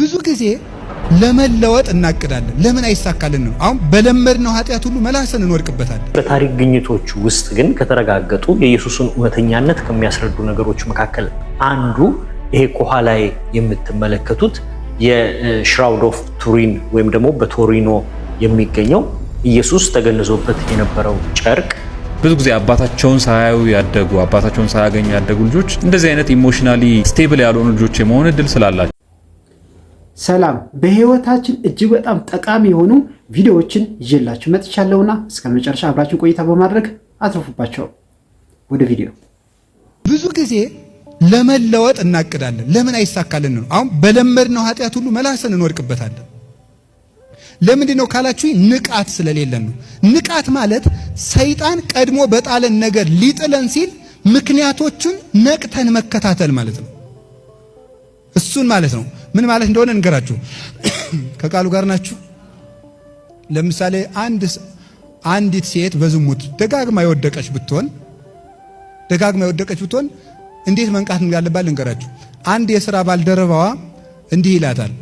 ብዙ ጊዜ ለመለወጥ እናቅዳለን። ለምን አይሳካልን ነው። አሁን በለመድነው ኃጢአት ሁሉ መላሰን እንወድቅበታለን። በታሪክ ግኝቶች ውስጥ ግን ከተረጋገጡ የኢየሱስን እውነተኛነት ከሚያስረዱ ነገሮች መካከል አንዱ ይሄ ላይ የምትመለከቱት የሽራውድ ኦፍ ቱሪን ወይም ደግሞ በቶሪኖ የሚገኘው ኢየሱስ ተገንዞበት የነበረው ጨርቅ ብዙ ጊዜ አባታቸውን ሳያዩ ያደጉ አባታቸውን ሳያገኙ ያደጉ ልጆች እንደዚህ አይነት ኢሞሽናሊ ስቴብል ያልሆኑ ልጆች የመሆን እድል ስላላቸው ሰላም በህይወታችን እጅግ በጣም ጠቃሚ የሆኑ ቪዲዮዎችን ይዤላችሁ መጥቻለሁና እስከ መጨረሻ አብራችን ቆይታ በማድረግ አትርፉባቸው። ወደ ቪዲዮ። ብዙ ጊዜ ለመለወጥ እናቅዳለን፣ ለምን አይሳካልን ነው። አሁን በለመድነው ኃጢአት ሁሉ መላሰን እንወድቅበታለን። ለምንድን ነው ካላችሁ ንቃት ስለሌለን ነው። ንቃት ማለት ሰይጣን ቀድሞ በጣለን ነገር ሊጥለን ሲል ምክንያቶቹን ነቅተን መከታተል ማለት ነው። እሱን ማለት ነው ምን ማለት እንደሆነ እንገራችሁ። ከቃሉ ጋር ናችሁ። ለምሳሌ አንድ አንዲት ሴት በዝሙት ደጋግማ የወደቀች ብትሆን ደጋግማ የወደቀች ብትሆን እንዴት መንቃት እንዳለባት ልንገራችሁ። አንድ የሥራ ባልደረባዋ እንዲህ ይላታል፣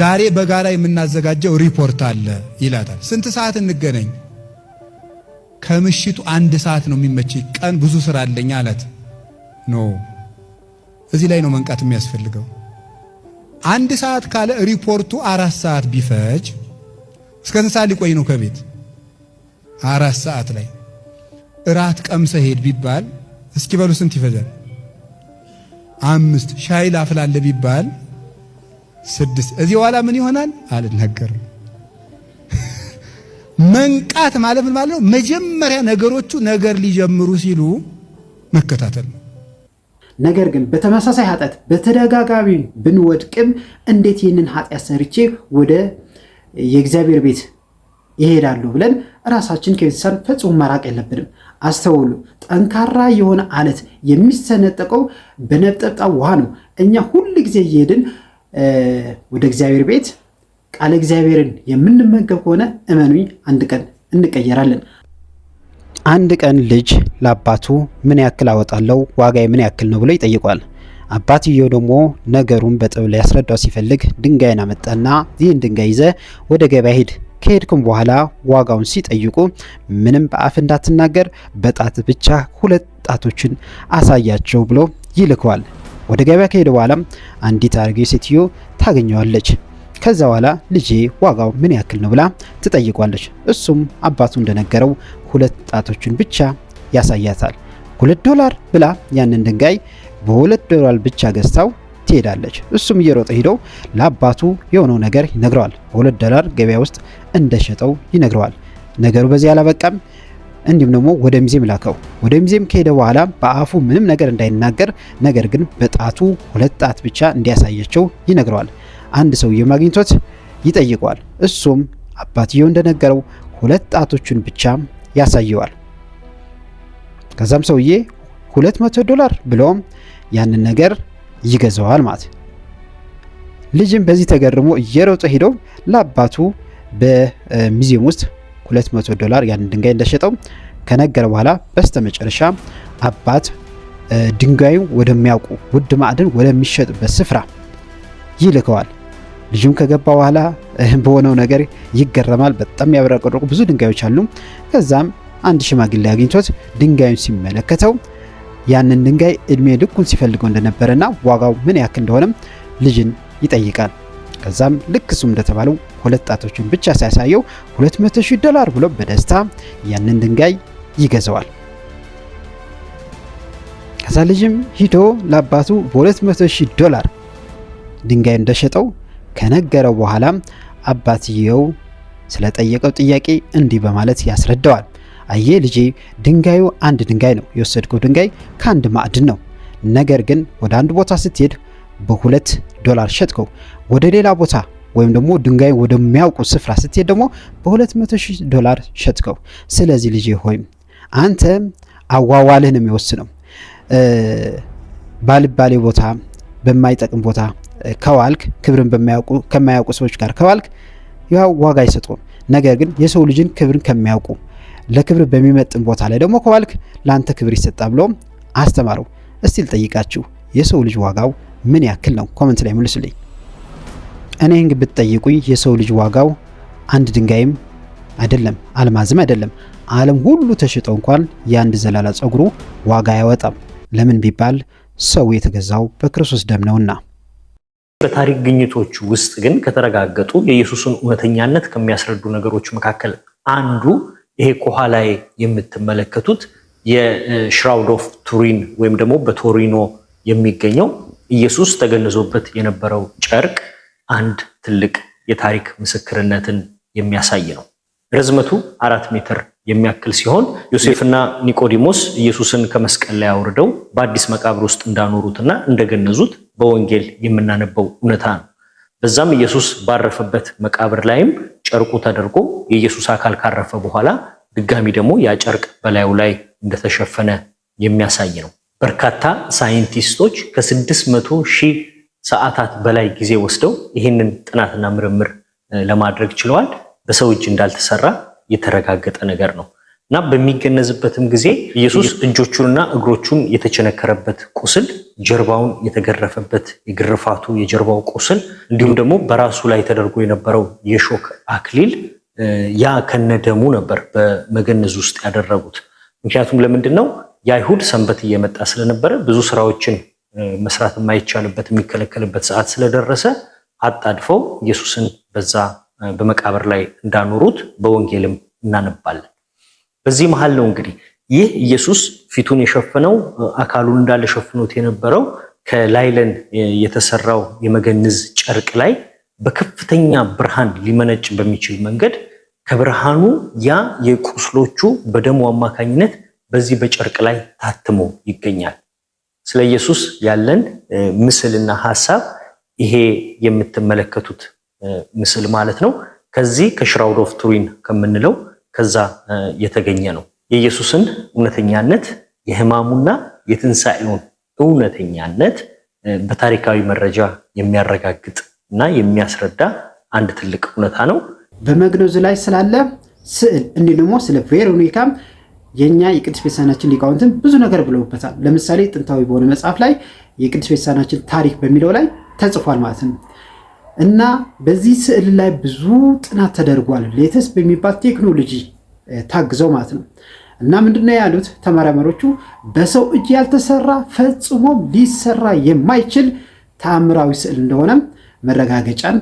ዛሬ በጋራ የምናዘጋጀው ሪፖርት አለ ይላታል። ስንት ሰዓት እንገናኝ? ከምሽቱ አንድ ሰዓት ነው የሚመች፣ ቀን ብዙ ስራ አለኝ አላት። ኖ እዚህ ላይ ነው መንቃት የሚያስፈልገው። አንድ ሰዓት ካለ ሪፖርቱ አራት ሰዓት ቢፈጅ እስከ ስንት ሰዓት ሊቆይ ነው ከቤት? አራት ሰዓት ላይ እራት ቀምሰ ሄድ ቢባል በሉ ስንት ይፈጃል? አምስት ሻይ ላፍላለ ቢባል ስድስት። እዚህ በኋላ ምን ይሆናል አልነገርም። መንቃት ማለት ምን ማለት ነው? መጀመሪያ ነገሮቹ ነገር ሊጀምሩ ሲሉ መከታተል ነው። ነገር ግን በተመሳሳይ ኃጢአት በተደጋጋሚ ብንወድቅም እንዴት ይህንን ኃጢአት ሰርቼ ወደ የእግዚአብሔር ቤት ይሄዳሉ ብለን ራሳችን ከቤተሰብ ፈጽሞ መራቅ የለብንም። አስተውሉ፣ ጠንካራ የሆነ አለት የሚሰነጠቀው በነጠብጣብ ውሃ ነው። እኛ ሁል ጊዜ እየሄድን ወደ እግዚአብሔር ቤት ቃለ እግዚአብሔርን የምንመገብ ከሆነ እመኑኝ፣ አንድ ቀን እንቀየራለን። አንድ ቀን ልጅ ለአባቱ ምን ያክል አወጣለው ዋጋ ምን ያክል ነው ብሎ ይጠይቋል። አባትየው ደግሞ ነገሩን በጥብ ሊያስረዳው ሲፈልግ ድንጋይን አመጣና ይህን ድንጋይ ይዘ ወደ ገበያ ሂድ፣ ከሄድኩም በኋላ ዋጋውን ሲጠይቁ ምንም በአፍ እንዳትናገር በጣት ብቻ ሁለት ጣቶችን አሳያቸው ብሎ ይልከዋል። ወደ ገበያ ከሄደ በኋላም አንዲት አሮጌ ሴትዮ ታገኘዋለች። ከዛ በኋላ ልጄ ዋጋው ምን ያክል ነው ብላ ትጠይቋለች። እሱም አባቱ እንደነገረው ሁለት ጣቶችን ብቻ ያሳያታል። ሁለት ዶላር ብላ ያንን ድንጋይ በሁለት ዶላር ብቻ ገዝታው ትሄዳለች። እሱም እየሮጠ ሄዶ ለአባቱ የሆነው ነገር ይነግረዋል። በሁለት ዶላር ገበያ ውስጥ እንደሸጠው ይነግረዋል። ነገሩ በዚህ አላበቃም። እንዲሁም ደግሞ ወደ ሚዜም ላከው። ወደ ሚዜም ከሄደ በኋላ በአፉ ምንም ነገር እንዳይናገር ነገር ግን በጣቱ ሁለት ጣት ብቻ እንዲያሳያቸው ይነግረዋል። አንድ ሰውዬ ማግኝቶት ይጠይቀዋል። እሱም አባትየው እንደነገረው ሁለት ጣቶቹን ብቻ ያሳየዋል። ከዛም ሰውዬ 200 ዶላር ብሎም ያንን ነገር ይገዛዋል ማለት ልጅም በዚህ ተገርሞ እየሮጠ ሄዶ ለአባቱ በሚዚየም ውስጥ 200 ዶላር ያንን ድንጋይ እንደሸጠው ከነገረ በኋላ በስተመጨረሻ አባት ድንጋዩ ወደሚያውቁ ውድ ማዕድን ወደሚሸጥበት ስፍራ ይልከዋል። ልጁም ከገባ በኋላ በሆነው ነገር ይገረማል። በጣም ያብረቀርቁ ብዙ ድንጋዮች አሉ። ከዛም አንድ ሽማግሌ አግኝቶት ድንጋዩን ሲመለከተው ያንን ድንጋይ እድሜ ልኩን ሲፈልገው እንደነበረና ዋጋው ምን ያክል እንደሆነም ልጅን ይጠይቃል። ከዛም ልክ እሱም እንደተባለው ሁለት ጣቶችን ብቻ ሲያሳየው 200 ሺህ ዶላር ብሎ በደስታ ያንን ድንጋይ ይገዛዋል። ከዛ ልጅም ሂዶ ለአባቱ በ200 ሺህ ዶላር ድንጋይ እንደሸጠው ከነገረው በኋላም አባትየው ስለጠየቀው ጥያቄ እንዲህ በማለት ያስረዳዋል። አየ ልጄ፣ ድንጋዩ አንድ ድንጋይ ነው። የወሰድከው ድንጋይ ከአንድ ማዕድን ነው። ነገር ግን ወደ አንድ ቦታ ስትሄድ በሁለት ዶላር ሸጥከው፣ ወደ ሌላ ቦታ ወይም ደግሞ ድንጋይ ወደሚያውቁ ስፍራ ስትሄድ ደግሞ በ200 ሺህ ዶላር ሸጥከው። ስለዚህ ልጄ ሆይ አንተ ነው የሚወስነው ባልባሌ ቦታ፣ በማይጠቅም ቦታ ከዋልክ ክብርን ከማያውቁ ሰዎች ጋር ከዋልክ ያው ዋጋ አይሰጡም። ነገር ግን የሰው ልጅን ክብርን ከሚያውቁ ለክብር በሚመጥን ቦታ ላይ ደግሞ ከዋልክ ለአንተ ክብር ይሰጣ ብሎ አስተማረው። እስቲ ልጠይቃችሁ የሰው ልጅ ዋጋው ምን ያክል ነው? ኮመንት ላይ መልሱልኝ። እኔ እንግ ብትጠይቁኝ የሰው ልጅ ዋጋው አንድ ድንጋይም አይደለም አልማዝም አይደለም ዓለም ሁሉ ተሽጦ እንኳን የአንድ ዘላላ ጸጉሩ ዋጋ አያወጣም። ለምን ቢባል ሰው የተገዛው በክርስቶስ ደም ነውና። በታሪክ ግኝቶች ውስጥ ግን ከተረጋገጡ የኢየሱስን እውነተኛነት ከሚያስረዱ ነገሮች መካከል አንዱ ይሄ ላይ የምትመለከቱት የሽራውድ ኦፍ ቱሪን ወይም ደግሞ በቶሪኖ የሚገኘው ኢየሱስ ተገንዞበት የነበረው ጨርቅ አንድ ትልቅ የታሪክ ምስክርነትን የሚያሳይ ነው። ርዝመቱ አራት ሜትር የሚያክል ሲሆን ዮሴፍና ኒቆዲሞስ ኢየሱስን ከመስቀል ላይ አውርደው በአዲስ መቃብር ውስጥ እንዳኖሩትና እንደገነዙት በወንጌል የምናነበው እውነታ ነው። በዛም ኢየሱስ ባረፈበት መቃብር ላይም ጨርቁ ተደርጎ የኢየሱስ አካል ካረፈ በኋላ ድጋሚ ደግሞ ያ ጨርቅ በላዩ ላይ እንደተሸፈነ የሚያሳይ ነው። በርካታ ሳይንቲስቶች ከስድስት መቶ ሺህ ሰዓታት በላይ ጊዜ ወስደው ይህንን ጥናትና ምርምር ለማድረግ ችለዋል። በሰው እጅ እንዳልተሰራ የተረጋገጠ ነገር ነው። እና በሚገነዝበትም ጊዜ ኢየሱስ እጆቹንና እግሮቹን የተቸነከረበት ቁስል፣ ጀርባውን የተገረፈበት የግርፋቱ የጀርባው ቁስል እንዲሁም ደግሞ በራሱ ላይ ተደርጎ የነበረው የሾክ አክሊል ያ ከነደሙ ነበር በመገነዝ ውስጥ ያደረጉት። ምክንያቱም ለምንድን ነው የአይሁድ ሰንበት እየመጣ ስለነበረ ብዙ ስራዎችን መስራት የማይቻልበት የሚከለከልበት ሰዓት ስለደረሰ አጣድፈው ኢየሱስን በዛ በመቃብር ላይ እንዳኖሩት በወንጌልም እናነባለን። በዚህ መሃል ነው እንግዲህ ይህ ኢየሱስ ፊቱን የሸፈነው አካሉን እንዳለ ሸፍኖት የነበረው ከላይለን የተሰራው የመገንዝ ጨርቅ ላይ በከፍተኛ ብርሃን ሊመነጭ በሚችል መንገድ ከብርሃኑ ያ የቁስሎቹ በደሙ አማካኝነት በዚህ በጨርቅ ላይ ታትሞ ይገኛል። ስለ ኢየሱስ ያለን ምስልና ሀሳብ ይሄ የምትመለከቱት ምስል ማለት ነው። ከዚህ ከሽራውድ ኦፍ ቱሪን ከምንለው ከዛ የተገኘ ነው። የኢየሱስን እውነተኛነት የሕማሙና የትንሣኤውን እውነተኛነት በታሪካዊ መረጃ የሚያረጋግጥ እና የሚያስረዳ አንድ ትልቅ እውነታ ነው። በመግነዙ ላይ ስላለ ስዕል እንዲህ ደግሞ ስለ ቬሮኒካም የእኛ የቅዱስ ቤተሳናችን ሊቃውንትን ብዙ ነገር ብለውበታል። ለምሳሌ ጥንታዊ በሆነ መጽሐፍ ላይ የቅዱስ ቤተሳናችን ታሪክ በሚለው ላይ ተጽፏል ማለት ነው። እና በዚህ ስዕል ላይ ብዙ ጥናት ተደርጓል። ሌተስ በሚባል ቴክኖሎጂ ታግዘው ማለት ነው። እና ምንድነው ያሉት ተመራማሪዎቹ በሰው እጅ ያልተሰራ ፈጽሞም ሊሰራ የማይችል ተአምራዊ ስዕል እንደሆነም መረጋገጫን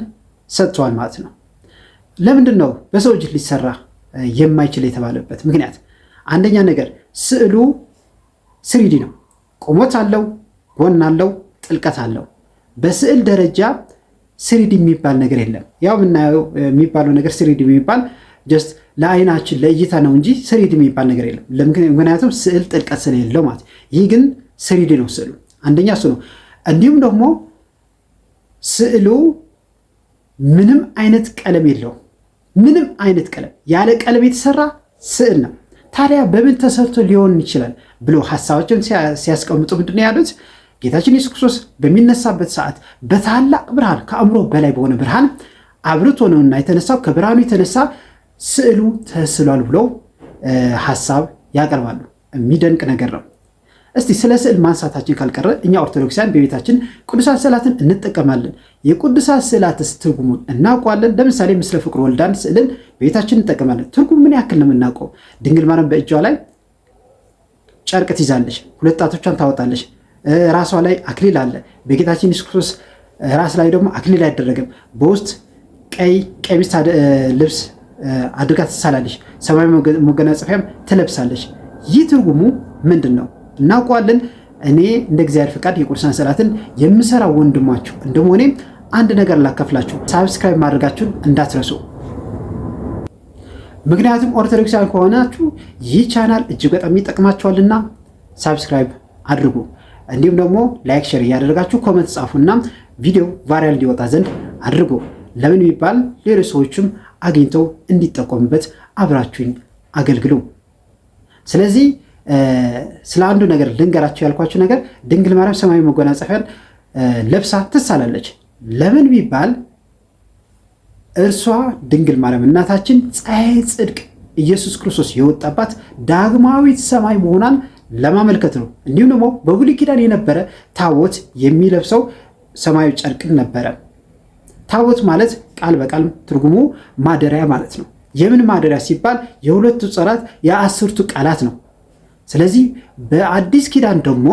ሰጥቷል ማለት ነው። ለምንድን ነው በሰው እጅ ሊሰራ የማይችል የተባለበት ምክንያት? አንደኛ ነገር ስዕሉ ስሪዲ ነው። ቁመት አለው፣ ጎን አለው፣ ጥልቀት አለው። በስዕል ደረጃ ስሪድ የሚባል ነገር የለም። ያው የምናየው የሚባለው ነገር ስሪድ የሚባል ጀስት ለአይናችን ለእይታ ነው እንጂ ስሪድ የሚባል ነገር የለም። ምክንያቱም ስዕል ጥልቀት ስለሌለው ማለት ይህ ግን ስሪድ ነው። ስዕሉ አንደኛ እሱ ነው። እንዲሁም ደግሞ ስዕሉ ምንም አይነት ቀለም የለውም። ምንም አይነት ቀለም ያለ ቀለም የተሰራ ስዕል ነው። ታዲያ በምን ተሰርቶ ሊሆን ይችላል ብሎ ሀሳባቸውን ሲያስቀምጡ ምንድን ነው ያሉት? ጌታችን ኢየሱስ ክርስቶስ በሚነሳበት ሰዓት በታላቅ ብርሃን ከአእምሮ በላይ በሆነ ብርሃን አብርቶ ነውና የተነሳው ከብርሃኑ የተነሳ ስዕሉ ተስሏል ብለው ሀሳብ ያቀርባሉ። የሚደንቅ ነገር ነው። እስቲ ስለ ስዕል ማንሳታችን ካልቀረ እኛ ኦርቶዶክሳውያን በቤታችን ቅዱሳት ስዕላትን እንጠቀማለን። የቅዱሳት ስዕላትስ ትርጉሙን እናውቋለን ለምሳሌ ምስለ ፍቁር ወልዳን ስዕልን በቤታችን እንጠቀማለን። ትርጉም ምን ያክል ነው የምናውቀው? ድንግል ማርያም በእጇ ላይ ጨርቅ ትይዛለች፣ ሁለት ጣቶቿን ታወጣለች። ራሷ ላይ አክሊል አለ። በጌታችን ኢየሱስ ክርስቶስ ራስ ላይ ደግሞ አክሊል አይደረግም። በውስጥ ቀይ ቀሚስ ልብስ አድርጋ ትሳላለች፣ ሰማያዊ መጎናጸፊያም ትለብሳለች። ይህ ትርጉሙ ምንድን ነው? እናውቀዋለን። እኔ እንደ እግዚአብሔር ፈቃድ የቁርሳን ሰላትን የምሰራው ወንድማችሁ እንደመሆኔም አንድ ነገር ላካፍላችሁ። ሳብስክራይብ ማድረጋችሁን እንዳትረሱ። ምክንያቱም ኦርቶዶክሳዊ ከሆናችሁ ይህ ቻናል እጅግ በጣም ይጠቅማችኋልና ሳብስክራይብ አድርጉ። እንዲሁም ደግሞ ላይክ፣ ሼር እያደረጋችሁ ኮመንት ጻፉና ቪዲዮ ቫይራል እንዲወጣ ዘንድ አድርጎ ለምን ቢባል ሌሎች ሰዎችም አግኝተው እንዲጠቀሙበት አብራችሁኝ አገልግሉ። ስለዚህ ስለ አንዱ ነገር ልንገራችሁ ያልኳችሁ ነገር ድንግል ማርያም ሰማያዊ መጎናጸፊያን ለብሳ ትሳላለች። ለምን ቢባል እርሷ ድንግል ማርያም እናታችን ፀሐይ ጽድቅ ኢየሱስ ክርስቶስ የወጣባት ዳግማዊት ሰማይ መሆኗን ለማመልከት ነው። እንዲሁም ደግሞ በብሉይ ኪዳን የነበረ ታቦት የሚለብሰው ሰማያዊ ጨርቅን ነበረ። ታቦት ማለት ቃል በቃል ትርጉሙ ማደሪያ ማለት ነው። የምን ማደሪያ ሲባል የሁለቱ ጽላት የአስርቱ ቃላት ነው። ስለዚህ በአዲስ ኪዳን ደግሞ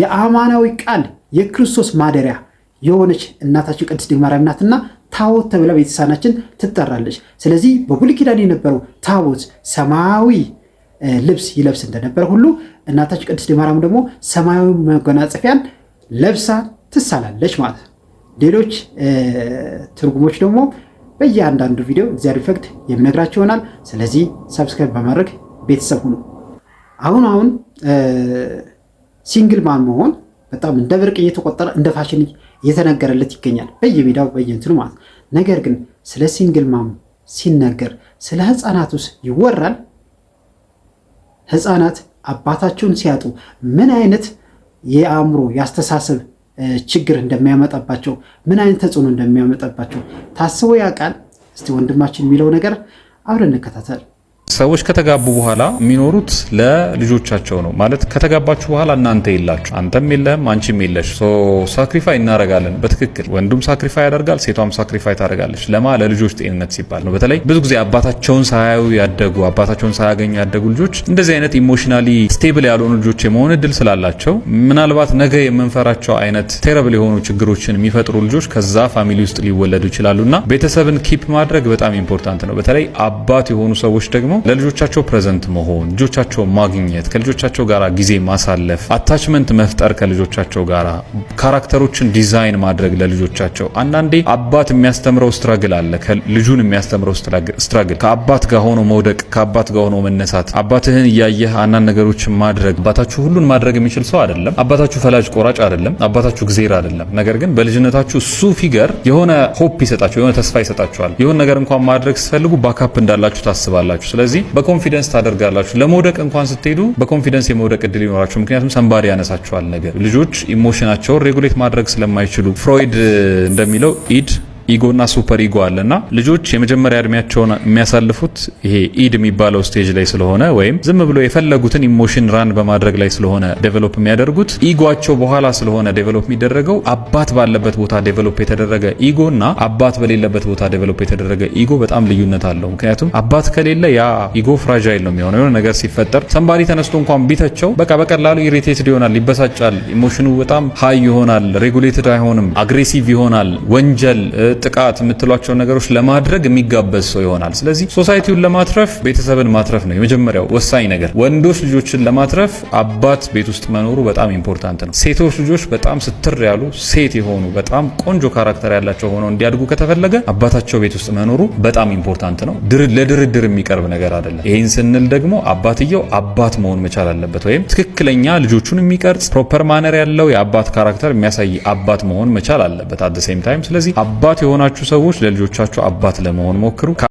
የአማናዊ ቃል የክርስቶስ ማደሪያ የሆነች እናታችን ቅድስት ድንግል ማርያም ናትና ታቦት ተብላ ቤተሳናችን ትጠራለች። ስለዚህ በብሉይ ኪዳን የነበረው ታቦት ሰማያዊ ልብስ ይለብስ እንደነበር ሁሉ እናታችን ቅድስት ማርያም ደግሞ ሰማያዊ መጎናጸፊያን ለብሳ ትሳላለች ማለት ነው። ሌሎች ትርጉሞች ደግሞ በየአንዳንዱ ቪዲዮ እግዚአብሔር ፈቅድ የምነግራቸው ይሆናል። ስለዚህ ሰብስክራይብ በማድረግ ቤተሰብ ሁኑ። አሁን አሁን ሲንግል ማን መሆን በጣም እንደ ብርቅ እየተቆጠረ እንደ ፋሽን እየተነገረለት ይገኛል በየሜዳው በየንትኑ ማለት። ነገር ግን ስለ ሲንግል ማም ሲነገር ስለ ህፃናት ውስጥ ይወራል ህፃናት አባታቸውን ሲያጡ ምን አይነት የአእምሮ የአስተሳሰብ ችግር እንደሚያመጣባቸው ምን አይነት ተጽዕኖ እንደሚያመጣባቸው ታስቦ ያውቃል? እስቲ ወንድማችን የሚለው ነገር አብረን እንከታተል። ሰዎች ከተጋቡ በኋላ የሚኖሩት ለልጆቻቸው ነው። ማለት ከተጋባችሁ በኋላ እናንተ የላችሁ፣ አንተም የለህም፣ አንቺም የለሽ። ሳክሪፋይ እናደርጋለን። በትክክል ወንዱም ሳክሪፋይ ያደርጋል፣ ሴቷም ሳክሪፋይ ታደርጋለች። ለማ ለልጆች ጤንነት ሲባል ነው። በተለይ ብዙ ጊዜ አባታቸውን ሳያዩ ያደጉ አባታቸውን ሳያገኙ ያደጉ ልጆች እንደዚህ አይነት ኢሞሽናሊ ስቴብል ያልሆኑ ልጆች የመሆን እድል ስላላቸው ምናልባት ነገ የምንፈራቸው አይነት ቴረብል የሆኑ ችግሮችን የሚፈጥሩ ልጆች ከዛ ፋሚሊ ውስጥ ሊወለዱ ይችላሉ። ቤተሰብን ኪፕ ማድረግ በጣም ኢምፖርታንት ነው። በተለይ አባት የሆኑ ሰዎች ደግሞ ለልጆቻቸው ፕሬዘንት መሆን፣ ልጆቻቸው ማግኘት፣ ከልጆቻቸው ጋር ጊዜ ማሳለፍ፣ አታችመንት መፍጠር ከልጆቻቸው ጋር ካራክተሮችን ዲዛይን ማድረግ ለልጆቻቸው። አንዳንዴ አባት የሚያስተምረው ስትራግል አለ። ልጁን የሚያስተምረው ስትራግል ከአባት ጋር ሆኖ መውደቅ፣ ከአባት ጋር ሆኖ መነሳት፣ አባትህን እያየህ አንዳንድ ነገሮችን ማድረግ። አባታችሁ ሁሉን ማድረግ የሚችል ሰው አይደለም። አባታችሁ ፈላጭ ቆራጭ አይደለም። አባታችሁ ጊዜር አይደለም። ነገር ግን በልጅነታችሁ እሱ ፊገር የሆነ ሆፕ ይሰጣችሁ፣ የሆነ ተስፋ ይሰጣችኋል። የሆነ ነገር እንኳን ማድረግ ስትፈልጉ ባካፕ እንዳላችሁ ታስባላችሁ። ስለዚህ ስለዚህ በኮንፊደንስ ታደርጋላችሁ። ለመውደቅ እንኳን ስትሄዱ በኮንፊደንስ የመውደቅ እድል ይኖራችሁ። ምክንያቱም ሰንባሪ ያነሳችኋል ነገር ልጆች ኢሞሽናቸውን ሬጉሌት ማድረግ ስለማይችሉ ፍሮይድ እንደሚለው ኢድ ኢጎና ሱፐር ኢጎ አለና ልጆች የመጀመሪያ እድሜያቸውን የሚያሳልፉት ይሄ ኢድ የሚባለው ስቴጅ ላይ ስለሆነ ወይም ዝም ብሎ የፈለጉትን ኢሞሽን ራን በማድረግ ላይ ስለሆነ ዴቨሎፕ የሚያደርጉት ኢጓቸው በኋላ ስለሆነ ዴቨሎፕ የሚደረገው አባት ባለበት ቦታ ዴቨሎፕ የተደረገ ኢጎ እና አባት በሌለበት ቦታ ዴቨሎፕ የተደረገ ኢጎ በጣም ልዩነት አለው። ምክንያቱም አባት ከሌለ ያ ኢጎ ፍራጃይል ነው የሚሆነው። የሆነ ነገር ሲፈጠር ሰንባዲ ተነስቶ እንኳን ቢተቸው በቃ በቀላሉ ኢሪቴትድ ይሆናል፣ ይበሳጫል፣ ኢሞሽኑ በጣም ሀይ ይሆናል፣ ሬጉሌትድ አይሆንም፣ አግሬሲቭ ይሆናል፣ ወንጀል ጥቃት የምትሏቸውን ነገሮች ለማድረግ የሚጋበዝ ሰው ይሆናል። ስለዚህ ሶሳይቲውን ለማትረፍ ቤተሰብን ማትረፍ ነው የመጀመሪያው ወሳኝ ነገር። ወንዶች ልጆችን ለማትረፍ አባት ቤት ውስጥ መኖሩ በጣም ኢምፖርታንት ነው። ሴቶች ልጆች በጣም ስትር ያሉ ሴት የሆኑ በጣም ቆንጆ ካራክተር ያላቸው ሆነው እንዲያድጉ ከተፈለገ አባታቸው ቤት ውስጥ መኖሩ በጣም ኢምፖርታንት ነው። ለድርድር የሚቀርብ ነገር አይደለም። ይህን ስንል ደግሞ አባትየው አባት መሆን መቻል አለበት፣ ወይም ትክክለኛ ልጆቹን የሚቀርጽ ፕሮፐር ማነር ያለው የአባት ካራክተር የሚያሳይ አባት መሆን መቻል አለበት አደሴም ታይም ስለዚህ አባት የሆናችሁ ሰዎች ለልጆቻችሁ አባት ለመሆን ሞክሩ።